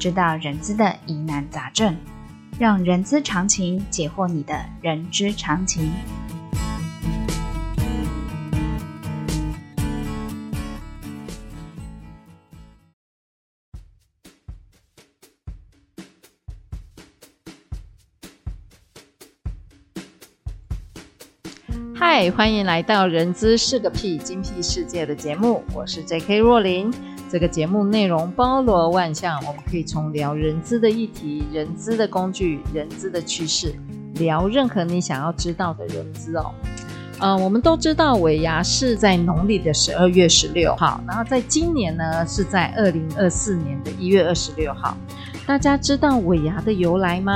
知道人資的疑難雜症，讓人資常情解惑你的人之常情。嗨，歡迎來到人資是個屁精闢世界的節目，我是 J.K. 若琳。這個節目內容包羅萬象，我們可以從聊人資的議題、人資的工具、人資的趨勢，聊任何你想要知道的人資哦。呃，我們都知道尾牙是在農曆的十二月十六號，然後在今年呢是在二零二四年的一月二十六號。大家知道尾牙的由來嗎？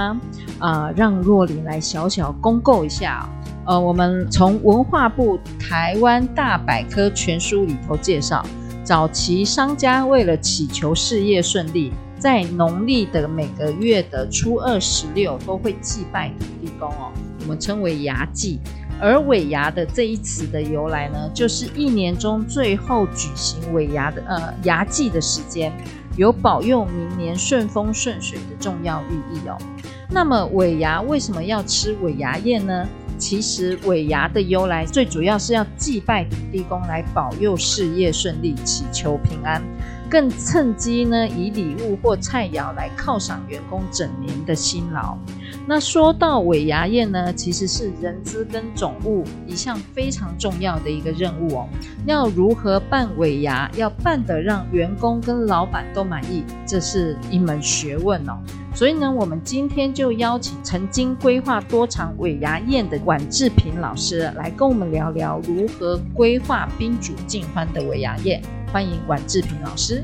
啊、呃，讓若琳來小小公告一下、哦。呃，我們從文化部台灣大百科全書裡頭介紹。早期商家為了祈求事業順利，在農曆的每個月的初二、十六都會祭拜土地公哦，我們稱為牙祭。而尾牙的這一詞的由來呢，就是一年中最後舉行尾牙的呃牙祭的時間。有保佑明年順風順水的重要寓意哦。那麼尾牙為什麼要吃尾牙宴呢？其實尾牙的由來最主要是要祭拜土地公來保佑事業順利、祈求平安，更趁機呢以禮物或菜餚來犒賞員工整年的辛勞。那說到尾牙宴呢，其實是人資跟總務一項非常重要的一個任務哦。要如何辦尾牙，要辦得讓員工跟老闆都滿意，這是一門學問哦。所以呢，我們今天就邀請曾經規劃多場尾牙宴的宛志蘋老師來跟我們聊聊如何規劃賓主盡歡的尾牙宴。歡迎宛志蘋老師。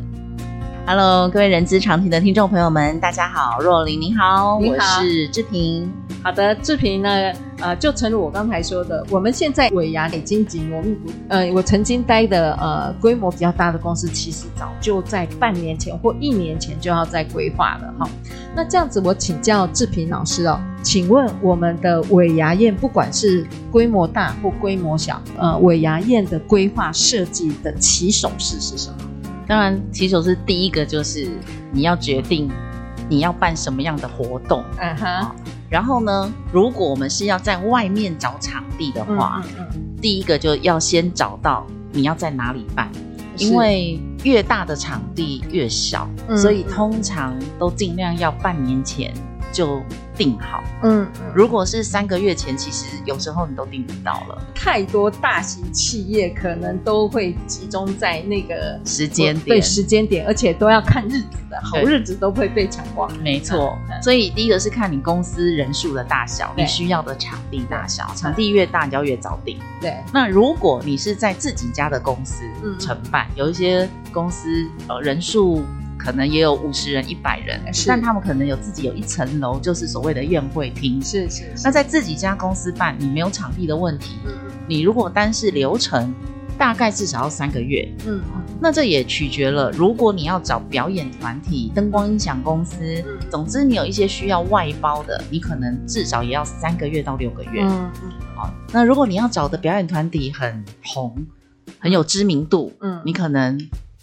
哈嘍，Hello, 各位人資常情的聽眾朋友們，大家好。若琳，你好，你好，我是志蘋。好的，志蘋呢，呃，就正如我剛才說的，我們現在尾牙已經緊鑼密鼓。呃，我曾經待的呃規模比較大的公司，其實早就在半年前或一年前就要在規劃了。哈、哦，那這樣子，我請教志蘋老師哦，請問我們的尾牙宴，不管是規模大或規模小，呃，尾牙宴的規劃設計的起手式是什麼？當然，其實是第一個，就是、嗯、你要決定你要辦什麼樣的活動。嗯哼。然後呢，如果我們是要在外面找場地的話，嗯嗯嗯，第一個就要先找到你要在哪裡辦，是因為越大的場地越少，嗯、所以通常都盡量要半年前，就定好。嗯，如果是三個月前，其實有時候你都訂不到了。太多大型企業可能都會集中在那個時間點，對，時間點，而且都要看日子的，好日子都會被搶光。沒錯。所以第一個是看你公司人數的大小，你需要的場地大小，場地越大，你就要越早定。對。那如果你是在自己家的公司承辦，有一些公司呃人數。可能也有五十人、一百人，是，但他們可能有自己有一層樓，就是所謂的宴會廳，是是。那在自己家公司辦，你沒有場地的問題，嗯、你如果單是流程，大概至少要三個月。嗯，那這也取決了，如果你要找表演團體、燈光音響公司，嗯、總之你有一些需要外包的，你可能至少也要三個月到六個月。嗯嗯。好，那如果你要找的表演團體很紅，很有知名度，嗯，你可能。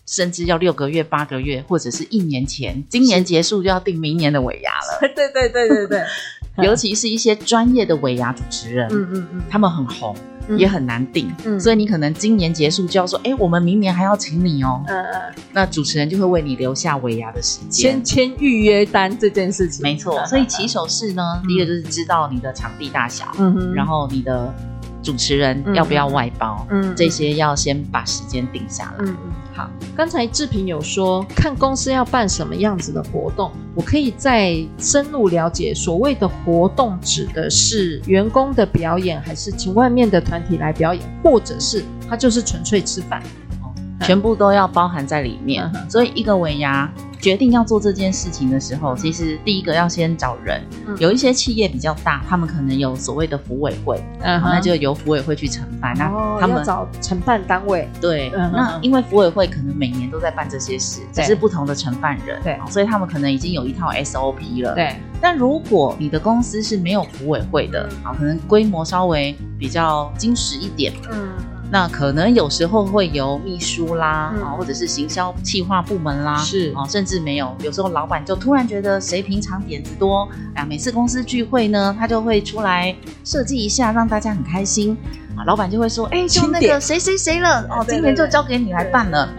甚至要六個月、八個月，或者是一年前，今年結束就要訂明年的尾牙了。對是 對對對對， 尤其是一些專業的尾牙主持人，嗯嗯，嗯他們很紅，嗯、也很難訂，嗯、所以你可能今年結束就要說，哎、欸，我們明年還要請你哦、喔。嗯嗯，那主持人就會為你留下尾牙的時間，簽簽預約單這件事情。沒錯，所以起手式呢，嗯嗯，第一個就是知道你的場地大小，嗯嗯，然後你的。主持人要不要外包？嗯，這些要先把時間定下來。嗯嗯，好。剛才志蘋有說，看公司要辦什麼樣子的活動，我可以再深入了解。所謂的活動，指的是員工的表演，還是請外面的團體來表演，或者是他就是純粹吃飯？全部都要包含在裡面，所以一個尾牙決定要做這件事情的時候，其實第一個要先找人。有一些企業比較大，他們可能有所謂的福委會，嗯，那就由福委會去承辦。那他們找承辦單位，對。那因為福委會可能每年都在辦這些事，只是不同的承辦人，對，所以他們可能已經有一套 SOP 了，對。但如果你的公司是沒有福委會的啊，可能規模稍微比較精實一點，嗯。那可能有時候會有秘書啦，啊、嗯，或者是行銷企劃部門啦，是啊，甚至沒有，有時候老闆就突然覺得誰平常點子多，啊，每次公司聚會呢，他就會出來設計一下，讓大家很開心，啊，老闆就會說，哎、欸，就那個誰誰誰了，點哦，今年就交給你來辦了。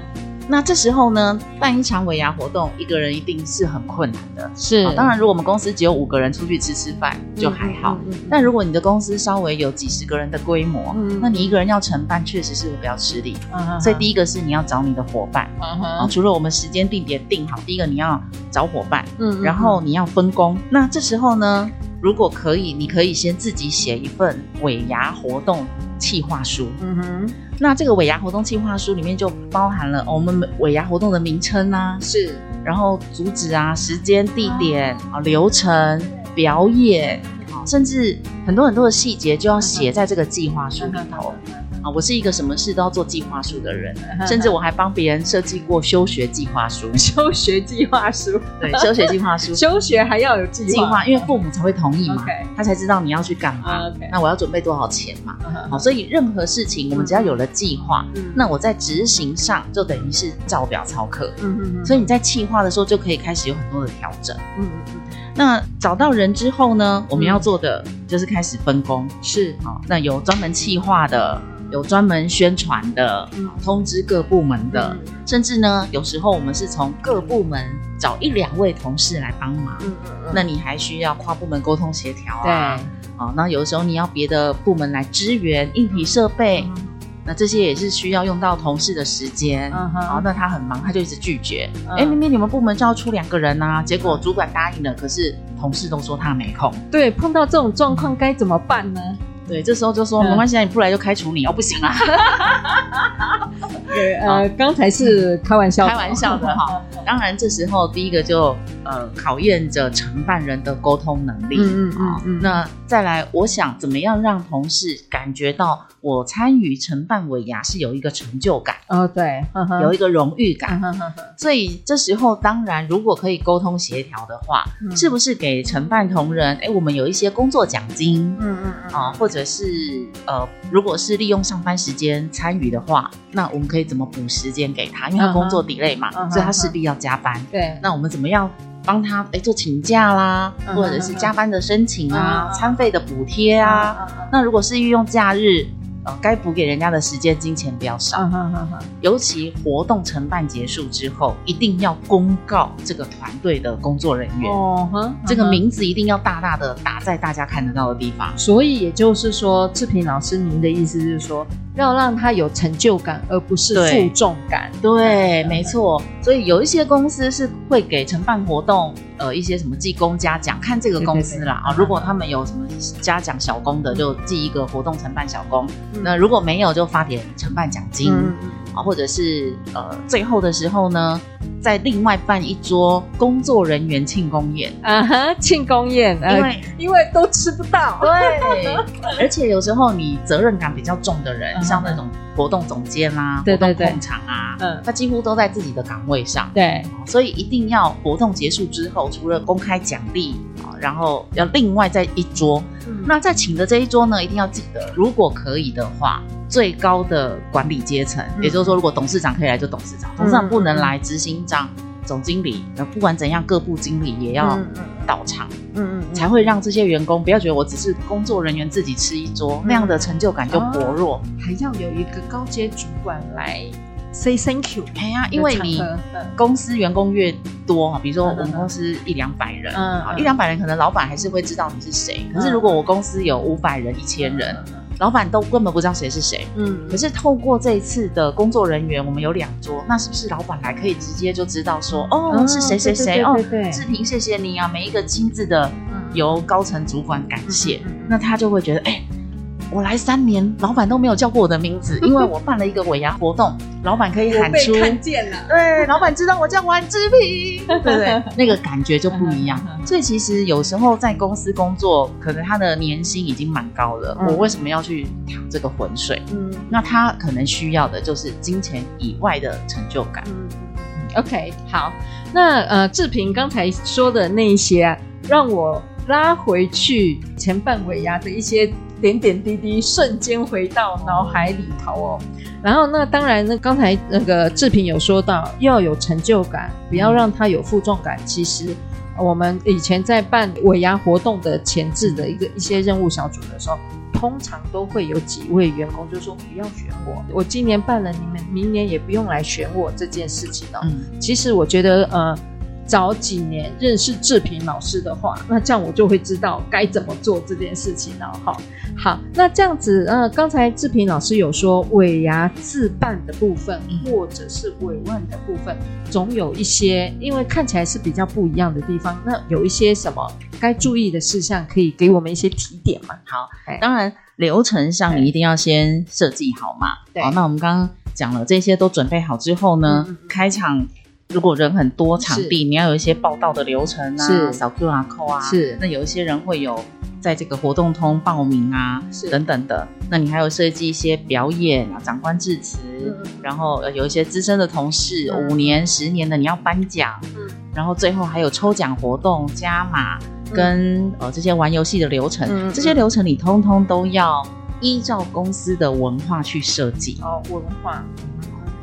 那這時候呢，辦一場尾牙活動，一個人一定是很困難的。是、哦，當然，如果我們公司只有五個人出去吃吃飯就還好。但如果你的公司稍微有幾十個人的規模，嗯哼嗯哼，那你一個人要承辦確實是比較吃力。嗯、哼所以第一個是你要找你的夥伴。嗯哼哦、除了我們時間地點定好，第一個你要找夥伴。嗯哼嗯哼，然後你要分工。那這時候呢，如果可以，你可以先自己寫一份尾牙活動企劃書。嗯哼。那這個尾牙活動計劃書裡面就包含了我們尾牙活動的名稱啊，是，然後主旨啊、時間、地點啊、流程、表演，啊、甚至很多很多的細節，就要寫在這個計劃書裡頭。啊，我是一個什麼事都要做計劃書的人，甚至我還幫別人設計過休學計劃書。休學計劃書，對，休學計劃書，休學還要有計劃，因為父母才會同意嘛，他才知道你要去幹嘛。那我要準備多少錢嘛？好，所以任何事情我們只要有了計劃，那我在執行上就等於是照表操課。嗯嗯嗯。所以你在計劃的時候就可以開始有很多的調整。嗯嗯嗯。那找到人之後呢，我們要做的就是開始分工。是，好，那有專門計劃的。有專門宣傳的，通知各部門的，嗯、甚至呢，有時候我們是從各部門找一兩位同事來幫忙。嗯嗯、那你還需要跨部門溝通協調、啊、對。哦，那有時候你要別的部門來支援，硬體設備，嗯、那這些也是需要用到同事的時間。嗯哼。那他很忙，他就一直拒絕。哎、嗯欸，明明你們部門就要出兩個人啊，結果主管答應了，可是同事都說他沒空。對，碰到這種狀況該怎麼辦呢？對，這時候就說沒關係，你不來就開除你。嗯、哦，不行啊！ Okay, 呃，好剛才是開玩笑的，嗯，開玩笑的哈、嗯嗯。當然，這時候第一個就呃考驗着承辦人的溝通能力啊，那。再來，我想怎麼樣讓同事感覺到我參與承辦尾牙是有一個成就感？哦、oh, 對，uh huh. 有一個榮譽感。Uh huh, uh huh. 所以這時候當然，如果可以溝通協調的話，uh huh. 是不是給承辦同仁，哎、欸，我們有一些工作獎金？嗯嗯嗯。Huh. 啊，或者是呃，如果是利用上班時間參與的話，那我們可以怎麼補時間給他？因為他工作 delay 嘛，uh huh. uh huh. 所以他勢必要加班。對、uh，huh. 那我們怎麼樣？幫他、欸、做請假啦，或者是加班的申請啊，啊哈哈，餐費的補貼啊。啊哈哈，那如果是運用假日，呃，該補給人家的時間金錢比較少。啊、哈哈哈，尤其活動承辦結束之後，一定要公告這個團隊的工作人員、啊、哈哈，這個名字一定要大大的打在大家看得到的地方。啊、哈哈，所以也就是說，志蘋老師，您的意思就是說？要讓他有成就感，而不是負重感。對，對嗯、沒錯。所以有一些公司是會給承辦活動，呃，一些什麼記功嘉獎，看這個公司啦，啊對。如果他們有什麼嘉獎小功的，嗯、就記一個活動承辦小功；嗯、那如果沒有，就發點承辦獎金。嗯或者是呃，最後的時候呢，再另外辦一桌工作人員慶、uh huh, 功宴。嗯哼，慶功宴，因為、呃、因為都吃不到。對， 而且有時候你責任感比較重的人，uh huh. 像那種活動總監啦、啊，活動控場、啊，對對對，他幾乎都在自己的崗位上。對，所以一定要活動結束之後，除了公開獎勵，然後要另外再一桌。嗯、那在請的這一桌呢，一定要記得，如果可以的話。最高的管理階層，嗯、也就是說，如果董事長可以來就董事長，嗯、董事長不能來，執行長、嗯、總經理，那不管怎樣，各部經理也要到場、嗯，嗯嗯，才會讓這些員工不要覺得我只是工作人員自己吃一桌，那樣、嗯、的成就感就薄弱、啊。還要有一個高階主管來 say thank you，呀、啊，因為你公司員工越多，哈，比如說我們公司一兩百人，嗯，嗯一兩百人可能老闆還是會知道你是誰，嗯、可是如果我公司有五百人、一千人。嗯嗯老闆都根本不知道誰是誰，嗯。可是透過這一次的工作人員，我們有兩桌，那是不是老闆來可以直接就知道說，哦，哦，是誰誰誰哦，對對，志蘋謝謝你啊，每一個親自的由高層主管感謝，嗯、那他就會覺得，哎、欸。我來三年，老闆都沒有叫過我的名字，因為我辦了一個尾牙活動， 老闆可以喊出，看見了，對，老闆知道我叫宛志蘋， 對對， 那個感覺就不一樣。所以 其實有時候在公司工作，可能他的年薪已經蠻高了，嗯、我為什麼要去趟這個渾水？嗯，那他可能需要的就是金錢以外的成就感。嗯，OK，好，那呃，志蘋剛才說的那一些，讓我拉回去前半尾牙的一些。點點滴滴，瞬間回到腦海裡頭哦。然後那當然呢，剛才那個志蘋有說到，要有成就感，不要讓他有負重感。嗯、其實我們以前在辦尾牙活動的前置的一個一些任務小組的時候，通常都會有幾位員工就說：“不要選我，我今年辦了，你們明年也不用來選我這件事情了。哦。嗯”其實我覺得呃。早幾年認識志平老師的話，那這樣我就會知道該怎麼做這件事情了。好，好，那這樣子，嗯、呃，剛才志平老師有說尾牙置辦的部分，或者是尾腕的部分，總有一些因為看起來是比較不一樣的地方。那有一些什麼該注意的事項，可以給我們一些提點嗎？好，當然流程上你一定要先設計好嘛。好，那我們剛剛講了這些都準備好之後呢，嗯嗯嗯開場。如果人很多，場地你要有一些報到的流程啊，掃 QR code 啊，是。那有一些人會有在這個活動通報名啊，是等等的。那你還有設計一些表演啊，長官致辭，然後有一些資深的同事五年、十年的你要頒獎，然後最後還有抽獎活動、加碼跟呃這些玩遊戲的流程，這些流程你通通都要依照公司的文化去設計。哦，文化。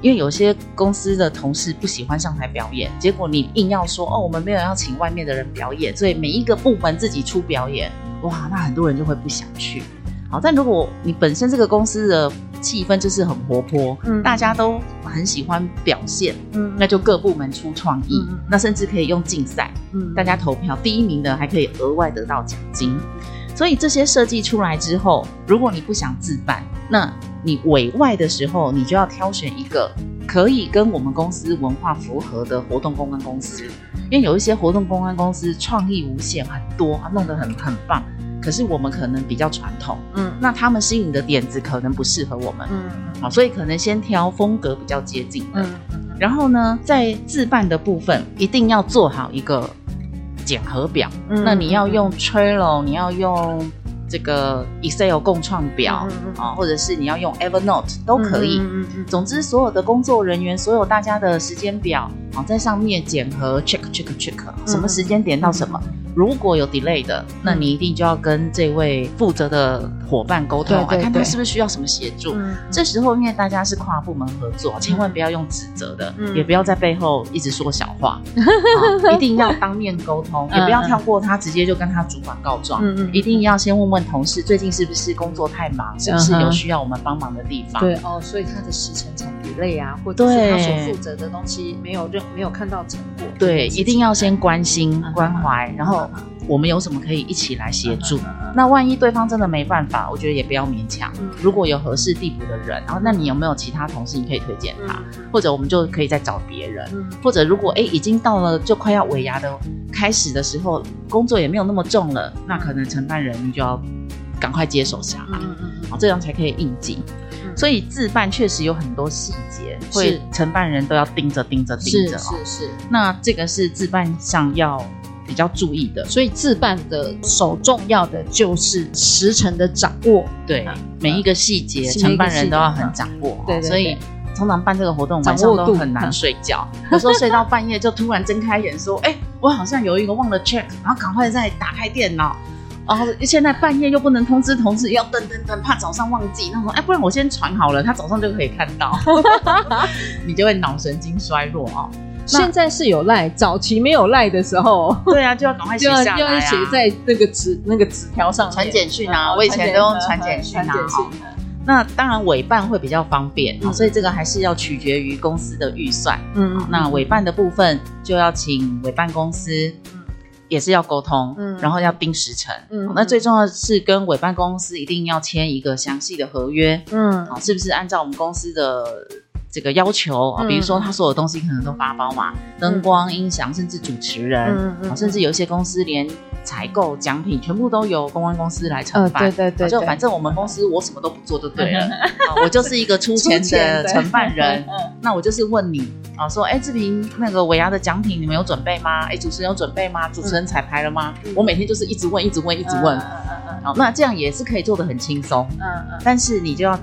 因為有些公司的同事不喜歡上台表演，結果你硬要說哦，我們沒有要請外面的人表演，所以每一個部門自己出表演，哇，那很多人就會不想去。好，但如果你本身這個公司的氣氛就是很活潑，嗯，大家都很喜歡表現，嗯，那就各部門出創意，嗯，那甚至可以用競賽，嗯，大家投票，第一名的還可以額外得到獎金。所以這些設計出來之後，如果你不想自辦。那你委外的時候，你就要挑選一個可以跟我們公司文化符合的活動公關公司，因為有一些活動公關公司創意無限，很多、啊、弄得很很棒，可是我們可能比較傳統，嗯，那他們吸引的點子可能不適合我們，嗯，好，所以可能先挑風格比較接近的，嗯，然後呢，在自辦的部分一定要做好一個檢核表，嗯、那你要用吹龍，你要用。這個 Excel 共創表啊，嗯嗯，或者是你要用 Evernote 都可以。嗯嗯嗯嗯，總之，所有的工作人員，所有大家的時間表啊，在上面檢核 check check check，什麼時間點到什麼。嗯嗯嗯如果有 delay 的，那你一定就要跟這位負責的夥伴溝通，來看他是不是需要什麼協助。這時候因為大家是跨部門合作，千萬不要用指責的，也不要在背後一直說小話，一定要當面溝通，也不要跳過他直接就跟他主管告狀。嗯嗯，一定要先問問同事最近是不是工作太忙，是不是有需要我們幫忙的地方？對哦，所以他的時程才 delay 啊，或者是他所負責的東西沒有任沒有看到成果。對，一定要先關心關懷，然後。我們有什麼可以一起來協助？那萬一對方真的沒辦法，我覺得也不要勉強。如果有合適遞補的人，然後那你有沒有其他同事你可以推薦他？或者我們就可以再找別人。或者如果哎，已經到了就快要尾牙的開始的時候，工作也沒有那麼重了，那可能承辦人你就要趕快接手下來，好這樣才可以應急。所以自辦確實有很多細節，會承辦人都要盯着盯着盯着。是是是。那這個是自辦上要比較注意的，所以自辦的首重要的就是時程的掌握，對、啊啊、每一個細節，承辦人都要很掌握。啊、對,對,對，所以常常辦這個活動，晚上都很難睡覺。 有時候睡到半夜就突然睜開眼，說：“哎、欸，我好像有一個忘了 check，然後趕快再打開電腦。啊”然後現在半夜又不能通知同事，也要噔噔噔，怕早上忘記。然後說，哎、欸，不然我先傳好了，他早上就可以看到， 你就會腦神經衰弱現在是有 LINE，早期沒有 LINE 的時候，對啊，就要趕快寫下來啊，要寫在那個紙、那個紙條上，傳簡訊啊。我以前都用傳簡訊啊。那當然，委辦會比較方便，所以這個還是要取決於公司的預算。嗯，那委辦的部分就要請委辦公司，也是要溝通，嗯，然後要定時程，嗯，那最重要是跟委辦公司一定要簽一個詳細的合約，嗯，好，是不是按照我們公司的？這個要求啊，比如說他所有東西可能都發包嘛，嗯、燈光、音響，甚至主持人，嗯嗯嗯、甚至有一些公司連採購獎品全部都由公關公司來承辦。嗯、對，對對對。就反正我們公司我什麼都不做就對了，好我就是一個出錢的承辦人。那我就是問你啊，說，哎，志蘋那個尾牙的獎品你們有準備嗎？哎，主持人有準備嗎？主持人彩排了嗎？嗯、我每天就是一直問，一直問，一直問。嗯嗯嗯、那這樣也是可以做得很輕鬆。嗯。嗯但是你就要。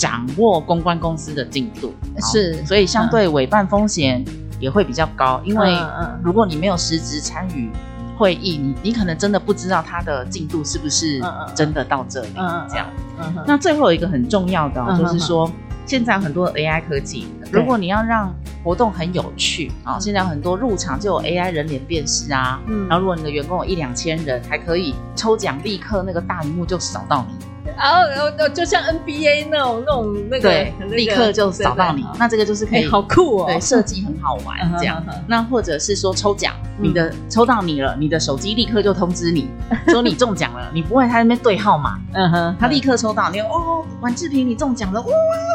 掌握公關公司的進度好是，所以相對委辦風險也會比較高，嗯、因為如果你沒有實質參與會議，你你可能真的不知道它的進度是不是真的到這裡、嗯、這樣。嗯嗯嗯、那最後一個很重要的、哦嗯、就是說，嗯、現在很多 AI 科技，嗯、如果你要讓。活動很有趣啊！現在很多入場就有 AI 人臉辨識啊，然後如果你的員工有一兩千人，還可以抽獎，立刻那個大螢幕就找到你，然後就像 NBA 那種那種那個，對，立刻就找到你。那這個就是可以好酷哦，對，設計很好玩這樣。那或者是說抽獎，你的抽到你了，你的手機立刻就通知你說你中獎了，你不會在那邊對號碼，嗯哼，他立刻抽到你，哦，宛志蘋，你中獎了，哇，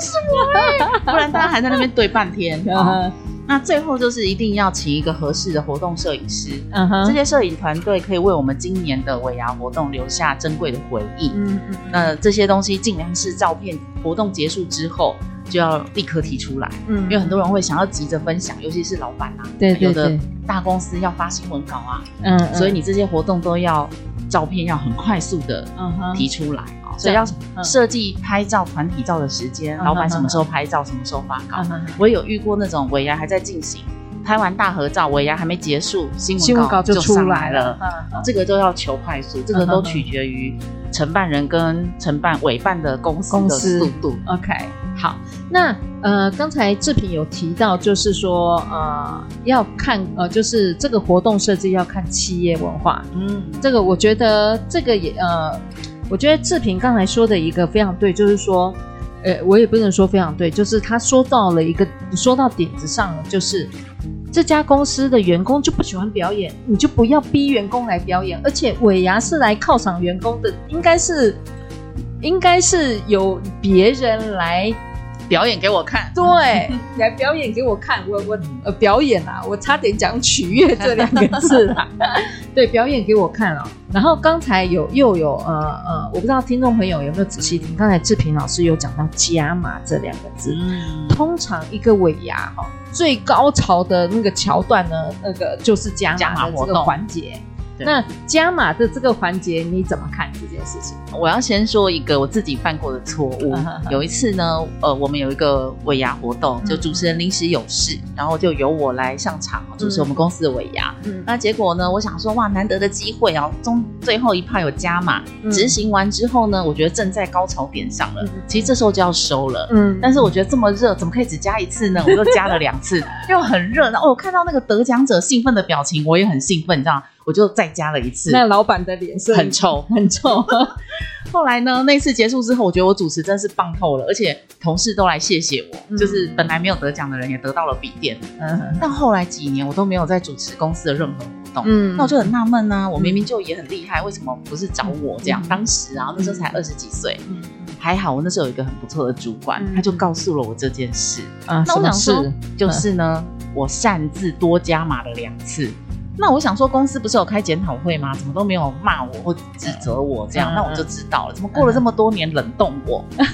是我哎，不然大家還在那邊對半天。那最後就是一定要請一個合適的活動攝影師，uh huh. 這些攝影團隊可以為我們今年的尾牙活動留下珍貴的回憶，uh huh. 那這些東西盡量是照片，活動結束之後就要立刻提出來，uh huh. 因為很多人會想要急着分享，尤其是老板啊，對、uh huh. 有的大公司要發新聞稿啊，uh huh. 所以你這些活動都要。照片要很快速的提出來，uh huh. 所以要設計拍照團體照的時間，uh huh. 老闆什麼時候拍照，uh huh. 什麼時候發稿。Uh huh. 我有遇過那種尾牙還在進行，拍完大合照，尾牙還沒結束，新新聞稿就出來了。Uh huh. 這個都要求快速，這個都取決於承辦人跟承辦委辦的公司的速度。OK。好，那呃，剛才志蘋有提到，就是說，呃，要看，呃，就是這個活動設計要看企業文化。嗯，這個我覺得這個也呃，我覺得志蘋剛才說的一個非常對，就是說，呃，我也不能說非常對，就是他說到了一個說到點子上了，就是這家公司的員工就不喜歡表演，你就不要逼員工來表演，而且尾牙是來犒賞員工的，應該是。應該是由別人來表演給我看，對， 來表演給我看，我我呃表演啦、啊，我差點講取悅這兩個字了， 對，表演給我看啊、哦，然後剛才有又有呃呃，我不知道聽眾朋友有沒有仔細聽，剛才志蘋老師有講到加碼這兩個字，嗯、通常一個尾牙哦，最高潮的那個橋段呢，那個就是加加碼的這個環節。對那加碼的這個環節你怎麼看這件事情？我要先說一個我自己犯過的錯誤。Uh huh huh. 有一次呢，呃，我們有一個尾牙活動，就主持人臨時有事，uh huh. 然後就由我來上場、uh huh. 主持我們公司的尾牙。Uh huh. 那結果呢，我想說哇，難得的機會哦，然後中最後一趴有加碼。執、uh huh. 行完之後呢，我覺得正在高潮點上了，uh huh. 其實這時候就要收了。嗯、uh，huh. 但是我覺得這麼熱，怎麼可以只加一次呢？我又加了兩次， 又很熱。然後我看到那個得獎者興奮的表情，我也很興奮，這樣。我就再加了一次，那老板的臉色很臭，很臭。後來呢，那次結束之後，我覺得我主持真是棒透了，而且同事都來謝謝我，就是本來沒有得獎的人也得到了筆電。嗯，到後來幾年我都沒有再主持公司的任何活動。嗯，那我就很納悶啊，我明明就也很厲害，為什麼不是找我這樣？當時啊，那時候才二十幾歲，還好我那時候有一個很不錯的主管，他就告訴了我這件事。啊，什麼事？那我想說，就是呢，我擅自多加碼了兩次。那我想說，公司不是有開檢討會嗎？怎麼都沒有罵我或指責我、嗯、這樣？嗯、那我就知道了，怎麼過了這麼多年冷凍我？嗯、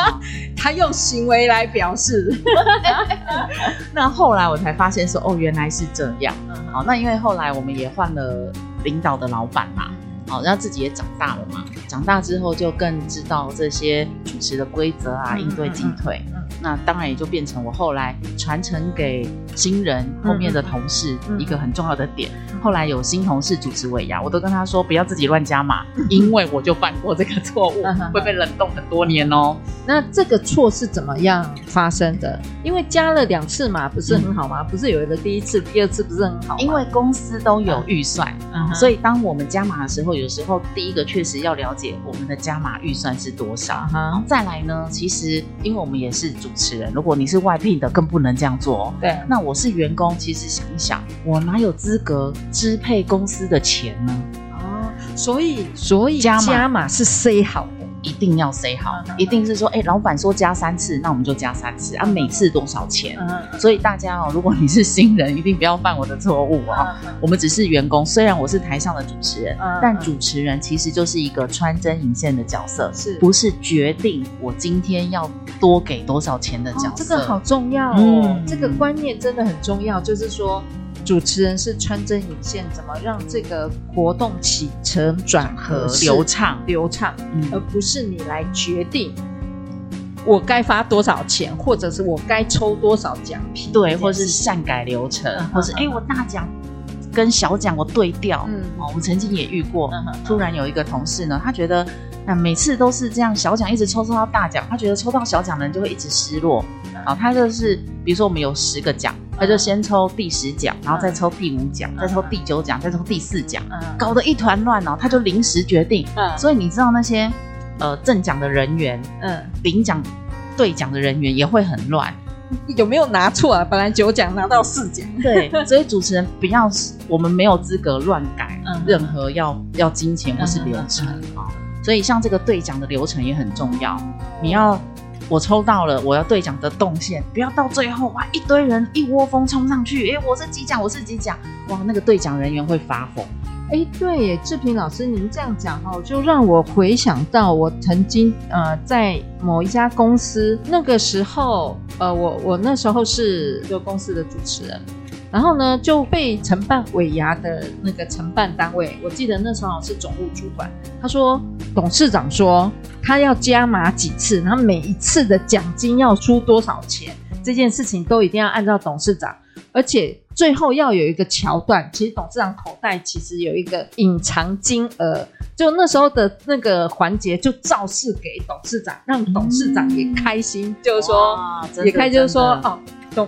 他用行為來表示。 那後來我才發現說，哦，原來是這樣。好、嗯哦，那因為後來我們也換了領導的老闆嘛，好、哦，然後自己也長大了嘛。長大之後就更知道這些主持的規則啊，應對進退。那當然也就變成我後來傳承給新人、後面的同事一個很重要的點。後來有新同事主持尾牙，我都跟他說不要自己亂加碼，因為我就犯過這個錯誤，會被冷凍很多年哦。那這個錯是怎麼樣發生的？因為加了兩次嘛，不是很好嗎？不是有一個第一次、第二次不是很好嗎？因為公司都有預算，所以當我們加碼的時候，有時候第一個確實要了解。我們的加碼預算是多少？哈、嗯哼，然後再來呢？其實，因為我們也是主持人，如果你是外聘的，更不能這樣做。對，那我是員工，其實想一想，我哪有資格支配公司的錢呢？啊，所以，所以加碼加碼是 C 好。一定要塞好，嗯嗯嗯，一定是說，哎、欸，老闆說加三次，那我們就加三次啊，每次多少錢？嗯嗯嗯，所以大家哦、喔，如果你是新人，一定不要犯我的錯誤啊。嗯嗯，我們只是員工，雖然我是台上的主持人，嗯嗯嗯，但主持人其實就是一個穿針引線的角色，是不是決定我今天要多給多少錢的角色。哦、這個好重要哦，嗯、這個觀念真的很重要，就是說。主持人是穿針引線，怎麼讓這個活動起承轉合流暢流暢，流暢嗯、而不是你來決定我該發多少錢，或者是我該抽多少獎品，對，或者是擅改流程，嗯嗯嗯、或是哎、欸、我大獎跟小獎我對調。嗯，哦，我們曾經也遇過，嗯嗯嗯、突然有一個同事呢，他覺得、嗯、每次都是這樣，小獎一直抽抽到大獎，他覺得抽到小獎的人就會一直失落。嗯、哦，他就是，比如說我們有十個獎。他就先抽第十獎，然後再抽第五獎，嗯、再抽第九獎，嗯、再抽第四獎，嗯、搞得一團亂哦。他就臨時決定，嗯、所以你知道那些呃中獎的人員，嗯，領獎兌獎的人員也會很亂。有沒有拿錯啊？本來九獎拿到四獎，對，所以主持人不要，我們沒有資格亂改，嗯、任何要要金錢或是流程啊。嗯嗯嗯、所以像這個兌獎的流程也很重要，嗯、你要。我抽到了，我要兌獎的動線，不要到最後哇，一堆人一窩蜂衝上去，哎，我是幾獎，我是幾獎，哇，那個兌獎人員會發火。哎，對耶，志蘋老師，您這樣講哦，就讓我回想到我曾經呃，在某一家公司那個時候，呃，我我那時候是個公司的主持人。然後呢，就被承辦尾牙的那個承辦單位，我記得那時候是總務主管，他說董事長說他要加碼幾次，他每一次的獎金要出多少錢，這件事情都一定要按照董事長，而且最後要有一個橋段。其實董事長口袋其實有一個隱藏金額，就那時候的那個環節，就造勢給董事長，讓董事長也開心，就是說也開心，就是說哦。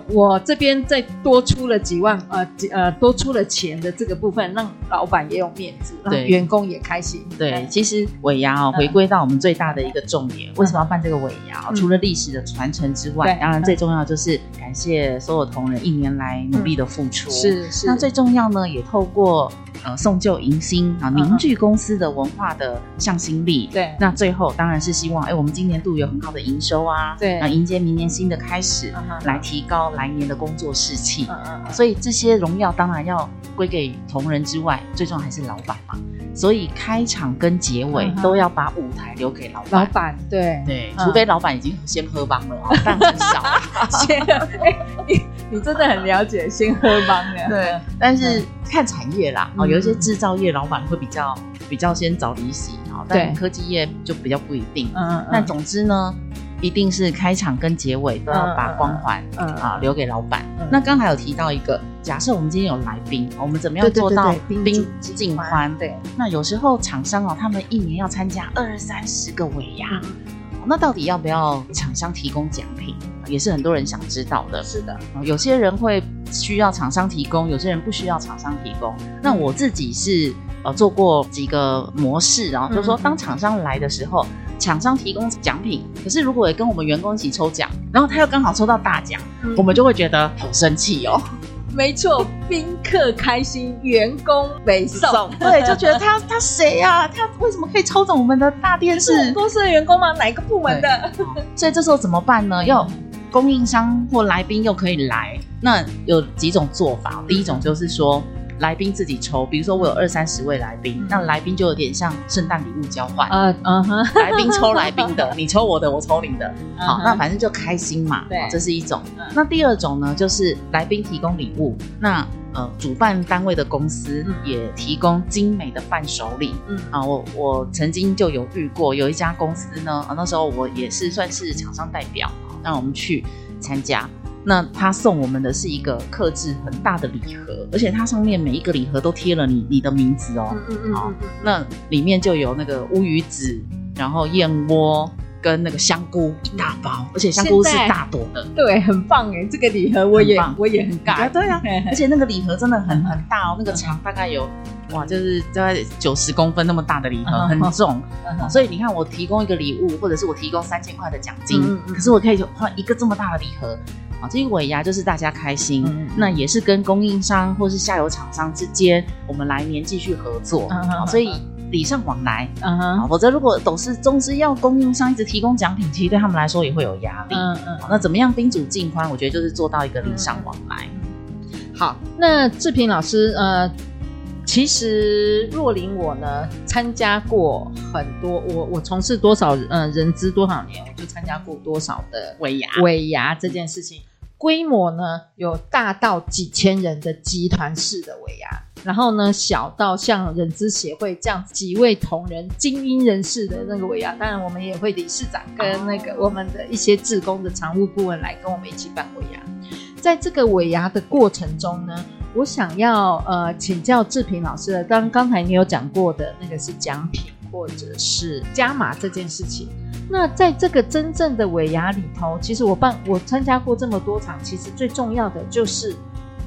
我這邊再多出了幾萬，呃幾，呃，多出了錢的這個部分，讓老闆也有面子，讓員工也開心。對，對對其實尾牙啊、喔，回歸到我們最大的一個重點，嗯、為什麼要辦這個尾牙？嗯、除了歷史的傳承之外，嗯、當然最重要就是感謝所有同仁一年來努力的付出。是是，是那最重要呢，也透過。呃，送舊迎新啊，凝聚公司的文化的向心力。對、uh，huh. 那最後當然是希望，哎、欸，我們今年度有很好的營收啊，對，啊，迎接明年新的開始，uh huh. 來提高來年的工作士氣。Uh huh. 所以這些榮耀當然要歸給同仁之外，最重要還是老板嘛。所以開場跟結尾都要把舞台留給老闆老闆。對、uh huh. 對，uh huh. 除非老板已經先喝趴了，但很少。你真的很了解新婚邦的，對。但是看產業啦，哦，有一些製造業老闆會比較比較先早離席，哦，但科技業就比較不一定。嗯。那總之呢，一定是開場跟結尾都要把光環啊留給老闆。那剛才有提到一個，假設我們今天有來賓，我們怎麼樣做到賓主盡歡？對。那有時候廠商哦，他們一年要參加二三十個尾牙。那到底要不要廠商提供獎品？也是很多人想知道的。是的，有些人會需要廠商提供，有些人不需要廠商提供。那我自己是呃做過幾個模式，然後就是說當廠商來的時候，廠商提供獎品，可是如果也跟我們員工一起抽獎，然後他又剛好抽到大獎，嗯、我們就會覺得很生氣哦。沒錯，賓客開心，員工沒送，不送，對，就覺得他他誰呀、啊？他為什麼可以抽走我們的大電視？公司的員工嗎？哪一個部門的？所以這時候怎麼辦呢？又供應商或來賓又可以來，那有幾種做法？第一種就是說。來賓自己抽，比如說我有二三十位來賓，嗯、那來賓就有點像聖誕禮物交換，嗯嗯哼，uh huh、來賓抽來賓的， 你抽我的，我抽你的，uh huh、好，那反正就開心嘛，對這是一種。嗯、那第二種呢，就是來賓提供禮物，那呃，主辦單位的公司也提供精美的伴手禮，嗯啊，我我曾經就有遇過，有一家公司呢，啊，那時候我也是算是廠商代表，那我們去參加。那他送我們的是一個客製很大的禮盒，而且它上面每一個禮盒都貼了你你的名字哦，嗯嗯嗯嗯。好，那裡面就有那個烏魚子，然後燕窩。跟那個香菇一大包，而且香菇是大朵的，對，很棒哎！這個禮盒我也棒我也很尬。對啊，而且那個禮盒真的很很大哦，嗯、哼那個長大概有、嗯、哼哇，就是大概九十公分那麼大的禮盒，嗯、哼很重、嗯哼。所以你看，我提供一個禮物，或者是我提供三千塊的獎金，嗯、哼可是我可以換一個這麼大的禮盒啊！這一尾牙、啊、就是大家開心，嗯、哼那也是跟供應商或是下游廠商之間，我們來年繼續合作。嗯、哼所以。禮尚往來，嗯哼，否則如果董事、中資藥供應商一直提供獎品，其實對他們來說也會有壓力。嗯嗯，那怎麼樣賓主盡歡？我覺得就是做到一個禮尚往來。嗯、好，那志蘋老師，呃，其實若琳我呢參加過很多，我我從事多少嗯、呃、人資多少年，我就參加過多少的尾牙。尾牙這件事情，規模呢有大到幾千人的集團式的尾牙。然後呢，小到像人資協會這樣幾位同仁、精英人士的那個尾牙，當然我們也會理事長跟那個我們的一些職工的常務顧問來跟我們一起辦尾牙。在這個尾牙的過程中呢，我想要呃請教志蘋老師的，剛剛才你有講過的那個是獎品或者是加碼這件事情。那在這個真正的尾牙裡頭，其實我辦我參加過這麼多場，其實最重要的就是。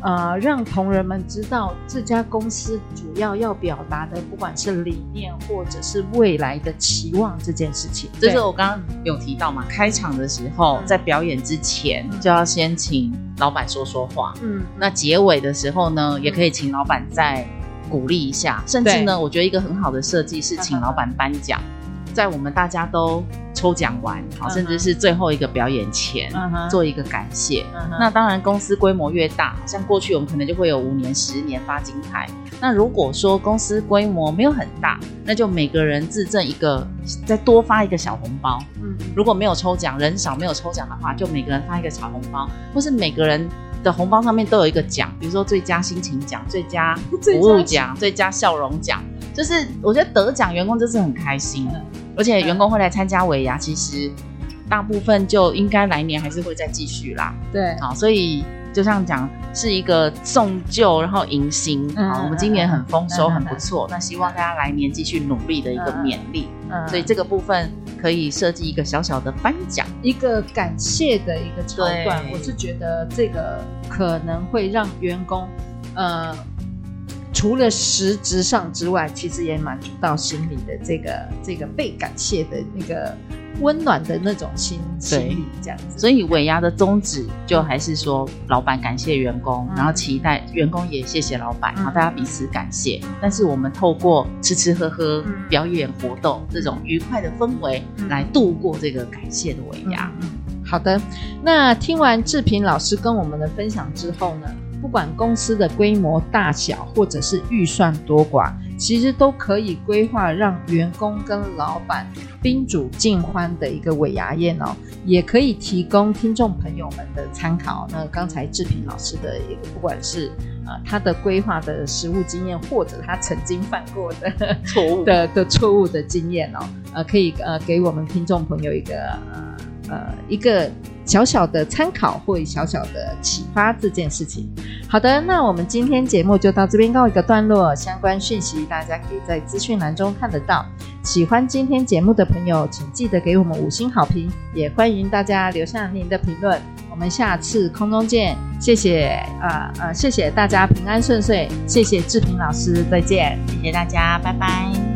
呃，讓同仁們知道這家公司主要要表達的，不管是理念或者是未來的期望這件事情，就是我剛剛有提到嘛，開場的時候，嗯、在表演之前就要先請老闆說說話，嗯，那結尾的時候呢，也可以請老闆再鼓勵一下，嗯、甚至呢，對我覺得一個很好的設計是請老闆頒獎。在我們大家都抽獎完，好，Uh huh. 甚至是最後一個表演前，Uh huh. 做一個感謝。Uh huh. 那當然，公司規模越大，像過去我們可能就會有五年、十年發金牌。那如果說公司規模沒有很大，那就每個人自贈一個，再多發一個小紅包。嗯，如果沒有抽獎，人少沒有抽獎的話，就每個人發一個小紅包，或是每個人的紅包上面都有一個獎，比如說最佳心情獎、最佳服務獎、最佳，最佳笑容獎。就是我覺得得獎員工真是很開心的。Uh huh. 而且員工會來參加尾牙，嗯、其實大部分就應該來年還是會再繼續啦。對，好、啊，所以就像講是一個送舊，然後迎新。好、嗯啊，我們今年很豐收，嗯嗯嗯嗯、很不錯。嗯嗯嗯、那希望大家來年繼續努力的一個勉勵。嗯嗯、所以這個部分可以設計一個小小的頒獎，一個感謝的一個橋段對。對我是覺得這個可能會讓員工，呃。除了實質上之外，其實也滿足到心裡的這個這個被感謝的那個溫暖的那種心情。對心理這樣子。所以尾牙的宗旨就還是說，老闆感謝員工，嗯、然後期待員工也謝謝老闆，嗯、然後大家彼此感謝。但是我們透過吃吃喝喝、嗯、表演活動、嗯、這種愉快的氛圍來度過這個感謝的尾牙、嗯嗯。好的，那聽完志蘋老師跟我們的分享之後呢，不管公司的規模大小，或者是預算多寡，其實都可以規劃讓員工跟老板賓主盡歡的一個尾牙宴哦，也可以提供聽眾朋友們的參考。那個、剛才志平老師的一個，不管是、呃、他的規劃的實務經驗，或者他曾經犯過的錯誤 的的錯誤的經驗哦，呃，可以呃給我們聽眾朋友一個呃,呃一個。小小的參考或小小的啟發這件事情。好的，那我們今天節目就到這邊告一個段落。相關訊息大家可以在資訊欄中看得到。喜歡今天節目的朋友，請記得給我們五星好評，也歡迎大家留下您的評論。我們下次空中見，謝謝啊、呃呃，謝謝大家平安順遂，謝謝志蘋老師，再見，謝謝大家，拜拜。